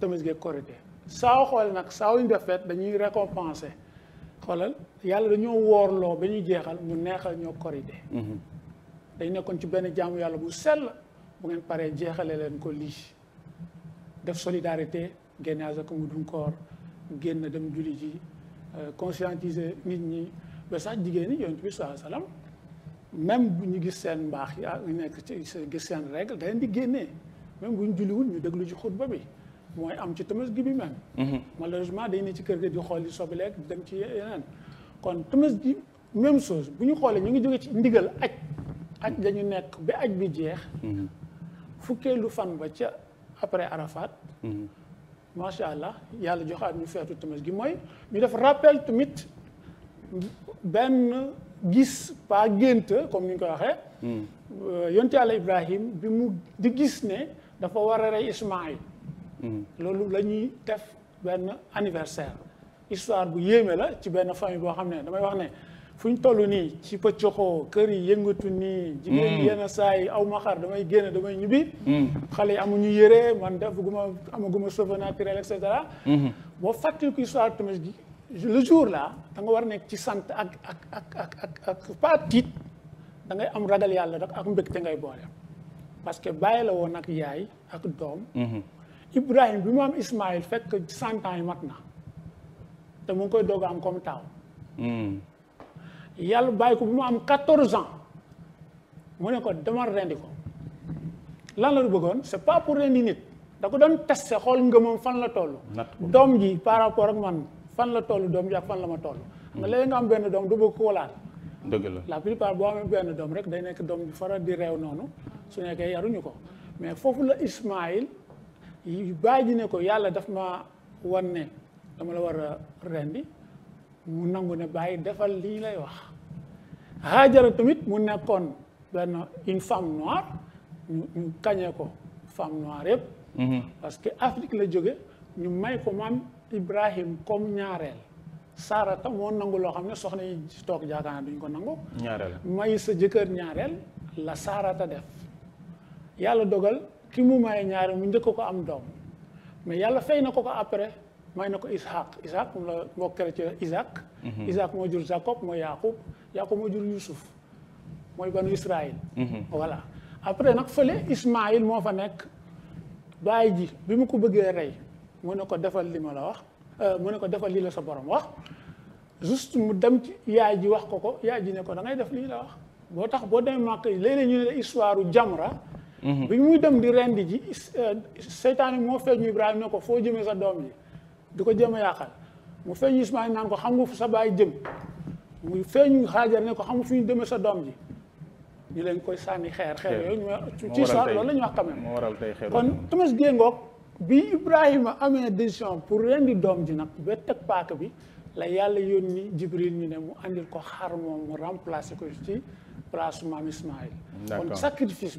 tamis geeg korite saaw xool nag saaw ñu def dañuy récompenser xolal yalla dañoo worlo ba ñuy jeexal mu neexal ñoo hmm dañ nekkoon ci ben jaamu yalla bu sel bu ngeen paré jéxalé len ko lii def solidarité génne asaka mu dun koor génn dem julli ji euh, conscientiser nit ñi ba sax jigéen ñi yonent bi saa salaam même bu ñu gis seen mbax ya ñu nekk ci gis seen règle dañ di génnee même bu ñu julliwul ñu déglu ci xutba bi moy am ci tamas gi bi man malheureusement day ni ci kër ga di xol li sobi lek dem ci yenen kon tamas gi même chose buñu xolé ñu ngi jóge ci ndigal aj aj dañu nekk bi aj bi jeex lu fan ba ci après Arafat ma sha allah yàlla joxaat ñu fétu tamas gi moy ñu def rappel tamit ben gis pa gënte comme ni ñu ko waxé yonte yàlla Ibrahim bi mu di gis ne dafa war a rey Ismaïl Mm. loolu lañuy def ben anniversaire histoire bu yéme la ci ben famille bo xamné damay wax né fuñ tollu ni ci pëccoxoo kër yi yëngatu ni jigeen mm. yenn saa aw ma xar damay génn damay ñubi mm. xalé amuñu yéré man def guma amaguma cheveux naturel et cetera mm-hmm. fatte ko histoire gi le jour là da nga war nek ci sante ak ak ak ak ak ak pas da ngay am ragal yalla rek ak mbégte ngay bolé parce que bàyyi la won ak yaay ak dom mm-hmm. Ibrahim bi mu am Ismaïl fekk cent ans yi mat na te mu ngi koy doog am comme taaw hmm. yàlla bàyyi ko bi mu am quatorze ans mu ne ko demal rendi ko lan la bëggoon c'est pas pour rendi nit da ko doon teste xool ngëmam fan la toll doom ji par rapport ak man fan la toll doom ji ak fan la ma toll nga hmm. léegi nga am benn doom du bëgg ko walaat la la plupart boo am benn doom rek day nekk doom bi faral di reew noonu su nekkee yaruñu ko mais foofu la Ismaïl baay ne ko yalla daf ma wonne dama la wara rendi mu nangou ne bàyyi defal li lay wax Haajara tamit mu nekkon ben une femme noire ñu ñu ko femme noire yeb mm-hmm. parce que Afrique la jóge ñu may ko mam Ibrahim comme ñaarel sara ta mo nangou lo xam ne soxna yi tok jaakaar duñ ko nangou ñaarel may sa jëkër ñaarel la sara ta def yalla dogal ki mu may ñaari mu njëkk ko am doom mais yàlla fay na ko ko après may na ko ishaq ishaq moom la moo kere ci isaac mhm. isaac moo jur jacob moo yaqub yaqub moo jur yusuf mooy banu israil mhm. voilà après nag fële ismail moo fa nekk baay ji bi mu ko bëggee rey mu ne ko defal li ma la wax euh, mu ne ko defal lii la sa borom wax juste mu dem ci yaay ji wax ko ko yaay ji ne ko da ngay def lii la wax boo tax boo demee màkk léeg-léeg ñu ne la histoire u Mhm. bi muy dem di rendi ji eh, seytaan bi moo feeñu Ibrahima ne ko foo jëmee sa doom ji di ko jëm a yàqal mu feeñu Ismaïl naan ko xam nga fu sa baay jëm mu feeñu Xaajar ne ko xam nga fu ñu demee sa doom ji ñu leen koy sànni xeer xeer yooyu ñu ci histoire loolu la ñu wax quand même kon Thomas Guèye Ngok bi Ibrahima amee décision pour rendi doom ji nag ba teg paaka bi la yàlla yoon yónni Jibril ñu ne mu andil ko xar moom mu remplacer ko ci place maam Ismaïl kon sacrifice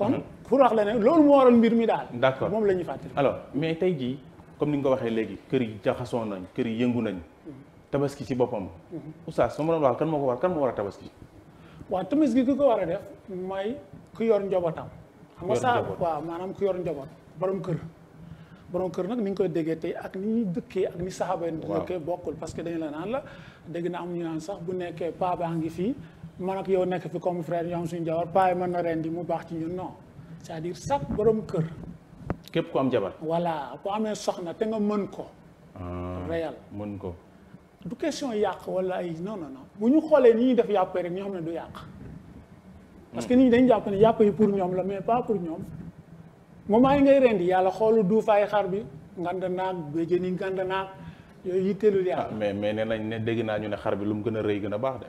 kon mhm. pour wax la ne loolu moo waral mbir mi daal. d' accord moom la ñuy fàttali. alors mais tey jii comme ni nga ko waxee léegi kër yi jaxasoo nañ kër yi yëngu nañ. Mhm. tabaski ci boppam. Mhm. oustaz su ma doon wax kan moo ko war kan war a tabaski. waaw tabaski ki ko war a def mooy ku yor njabootam. xam nga saa waaw maanaam ku yor njaboot borom kër. borom kër nag ni nga koy déggee tey ak ni dëkkee ak ni saxaaba yi dëkkee bokkul parce que dañu la naan la dégg na am ñu naan sax bu nekkee paa baa ngi fii man ak yow nekk fi comme frère ñu am suñu jabar bàyyi mën na rendi mu baax ci ñun non c'est-à-dire chaque borom kër. képp ku am jabar. voilà bu amee soxna te nga mën ko. Ah, réel mën ko. du question yàq wala ay non non non bu ñu xoolee ni ñuy def yàpp rek ñu xam ne du yàq. parce que hmm. nii dañ dañu jàpp yàpp yi pour ñoom la mais pas pour ñoom moment yi ngay rendi yàlla xoolu duufaay xar bi ngand naag béjjën yi ngand naag yooyu yitteelul yàlla. Ah, mais mais nee nañ ne dégg naa ñu ne xar bi lu mu gën a rëy gën a baax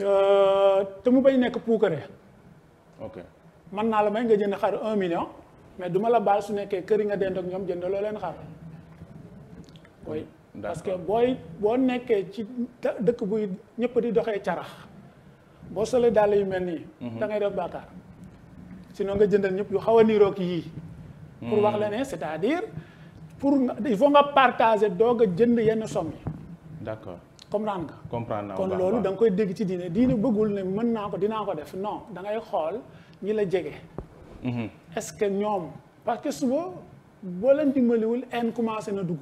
Euh, te mu bañ nekk puukare. ok naa la may nga jënd xar un million mais du ma la baal su nekkee kër yi nga dend ak ñoom loo leen xar. oui parce que booy boo nekkee ci dëkk buy ñëpp di doxee carax boo solee dàll yu mel nii. Mhm. da ngay def bàkkaar sinon nga jëndal ñëpp yu xaw a niiroog yii. pour wax la mhm. ne c'est-à-dire pour il faut nga partager doog a jënd yenn somme yi. d'accord. comprendre nga. comprendre naa kon loolu da koy dégg ci diine diine bëggul ne mën naa ko dinaa ko def no da ngay xool ñi la jege. Mhm. est-ce que ñoom parce que suba boo leen dimbaliwul haine commencé na dugg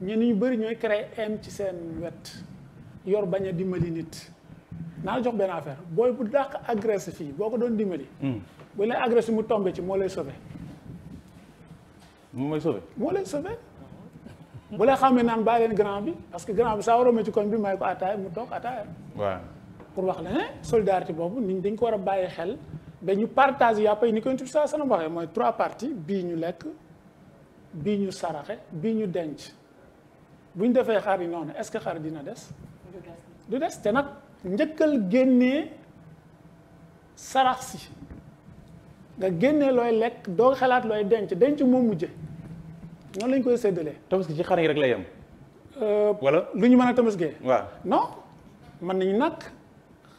ñenn ñu bari ñooy créer haine ci seen wet yor bañ a dimbali nit. naa jox benn affaire booy bu dàq agressé fii boo ko doon dimbali. Mhm. bu lay agressé mu tombé ci moo lay sauvé. moo lay sauvé. bu la xamee naan bàyyi leen grand bi parce que grand bi saa waroo ma ci koñ bi may ko ataaya mu toog ataaya. waaw pour wax la ne solidarité boobu nit dañ ko war a bàyyi xel ba ñu partage yàpp yi ni ko yonent bi saa sana waxee mooy trois parties bii ñu lekk bii ñu saraxe bii ñu denc bu ñu defee xar yi noonu est-ce que xar dina des. du des te nag njëkkal génnee sarax si nga génnee looy lekk doo xalaat looy denc denc moo mujje noonu lañ koy séddalee. tabaski ci xar yi rek lay yem. Euh, wala lu ñu mën a tabaskee. waaw non mën nañu nag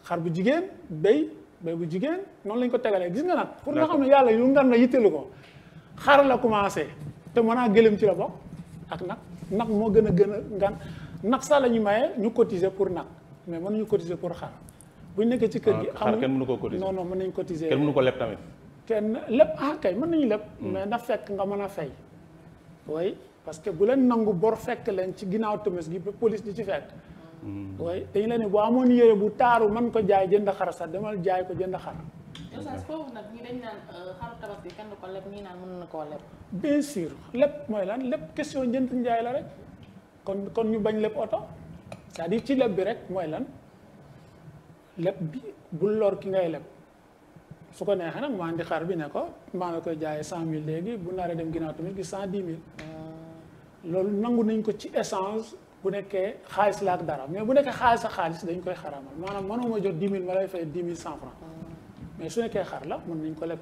xar bu jigéen béy béy bu jigéen noonu lañ ko tegalee gis nga nag. pour nga xam ne yàlla yu ngan na yitteelu ko xar la commencé te mën a gëlëm ci la bokk ak nag nag moo gën a gën a ngan nag sax la ñu maye ñu cotiser pour nag mais mën nañu cotiser pour xar bu ñu nekkee ci kër gi. Ah, xar kenn mënu ko cotiser non non mën nañu cotiser. kenn mënu ko leb tamit. kenn leb ah kay mën nañu leb. Hmm. mais na fekk nga mën a fay. oui parce que bu leen nangu bor fekk leen ci ginnaaw timis gi ba police di ci fekk. Mm. oui dañu leen ne amoon yére bu taaru man ko jaay jënd xar sax demal jaay ko jënd xar. oustaz foofu nag ñi dañ euh, ko leb naan mën na koo leb. bien sûr mooy lan lépp question jënd jaay la rek kon kon ñu bañ lépp oto cest à ci leb bi rek mooy lan leb bi bul lor ki ngay leb. su ko neexee nag mu andi xar bi ne ko maa ngi koy jaayee cent mille léegi bu naree dem ginnaaw tamit gi cent dix mille euh, loolu nangu nañ ko ci essence bu nekkee xaalis laa ak dara mais bu nekkee xaalis a xaalis dañ koy xaraamal maanaam mënuma jot dix mille ma lay fay dix mille cent franc mais su nekkee xar la mën nañ ko leb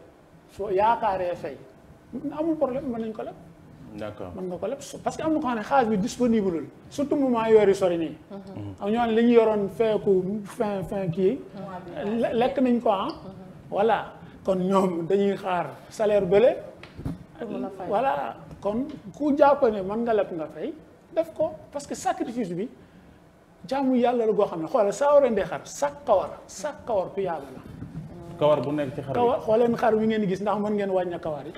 soo yaakaaree fay amul problème mën nañ ko leb d'accord mën nga ko leb parce que am na ko ne xaalis bi disponible lul surtout moment yoor yi sori nii mhm. am ñoo ne li ñu yoroon feeku kii lekk nañ ko ah mhm. voilà kon ñoom dañuy xaar salaire bele voilà kon ku jàpp ne mën nga leb nga fay def ko parce que sacrifice bi jamu yàlla la go xam ne xoolal saa war xar kawar sak kawar tu yàlla la kawar bu nek ci xar kawar xooleen xar wi ngeen gis ndax man ngeen wàññi kawar yi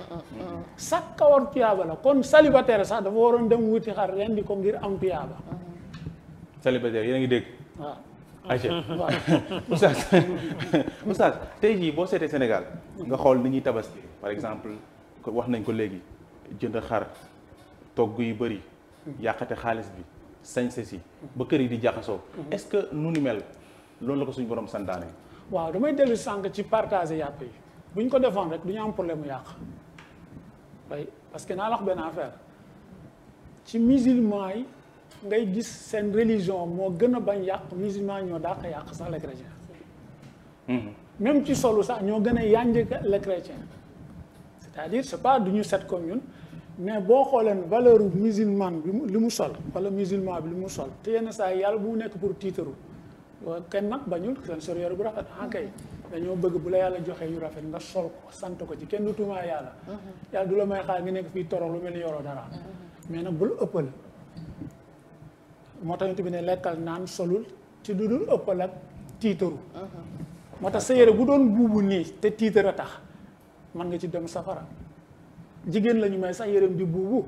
sax kawar la kon célibataire sax woron woron dem wuti xar rendi ko ngir am tuyaaba célibataire yéen ngi ayca oustaz oustaz tey jii boo seetee Sénégal nga xool ni ñuy tabaski par exemple wax nañ ko léegi jënd xar togg yu bëri yàqate xaalis bi sañse si ba kër yi di jaxasoo mhm. est-ce que nu ni mel loolu la ko suñu borom santaane waaw damay dellu sànq ci partager yàpp yi bu ñu ko defoon rek du ñu am problème mu yàq way parce que naa la benn affaire ci musulman yi ngay gis seen religion moo gën a bañ yàq musulman ñoo dàq yàq sax le chrétien mhm. même ci solu sax ñoo gën a yànj le chrétien c'est-à-dire c'est pas du ñu set comme ñun mais boo xooleen valeur musulman bi li mu sol wala musulman bi li mu sol te yenn saa yàlla bu mu nekk pour tiitaru kenn nag bañul seen sorière bu rafet ankay ah dañoo bëgg bu la yàlla joxee yu rafet nga sol ko sant ko ci kenn du tuumaa yàlla mhm. yàlla du la may xaar nga nekk fii torox lu mel ni dara mhm. mais nag bul ëppal moo tax yonent bi ne lekkal naan solul ci lu dul ëppal ak tiitaru uh-huh. moo tax sa yére bu doon buubu nii te tiitar a tax mën nga ci dem safara jigéen la ñu may sax yéreem di buubu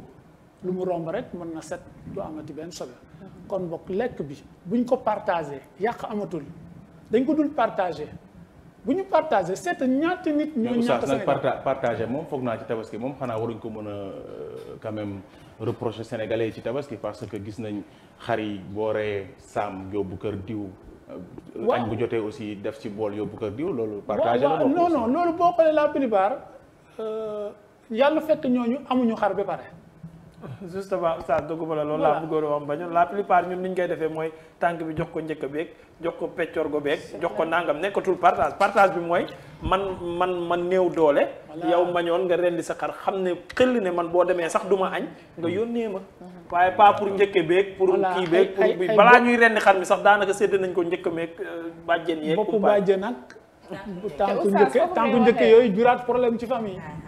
lu mu romb rek mën na set du amati benn sobe uh-huh. kon bokk lekk bi buñ ko partagé yàq amatul dañ ko dul partagé bu ñu partagé seet ñaata nit. ñoo ñàkk Sénégal partagé moom foog naa ci tabaski moom xanaa waruñ ko mën a euh, quand même reprocher sénégalais yi ci tabaski parce que gis nañ xar yi booree saam yóbbu kër diw. Euh, waaw añ bu jotee aussi def ci bool yóbbu kër diw loolu. partagé la non non loolu boo xoolee la plupart euh, yàlla fekk ñooñu amuñu xar bi pare. justement oustaz doguma la loolu laa bëggoon wax ba ñun la plupart ñun ni ñu koy defee mooy tànk bi jox ko njëkk beeg jox ko peccor go beeg jox ko nàngam nekkatul partage partage bi mooy man man man néew doole yow mbañoon nga rendi sa xar xam ne xëll ne man boo demee sax du ma añ nga yónnee ma mhm. waaye pas pour njëkke beek pour kii beeg pour bi balaa ñuy rendi xar mi sax daanaka sédd nañ ko njëkk meeg euh, bàjjen yeeg boppu bàjjen ak tànku njëkke tànku njëkke yooyu juraat problème ci famille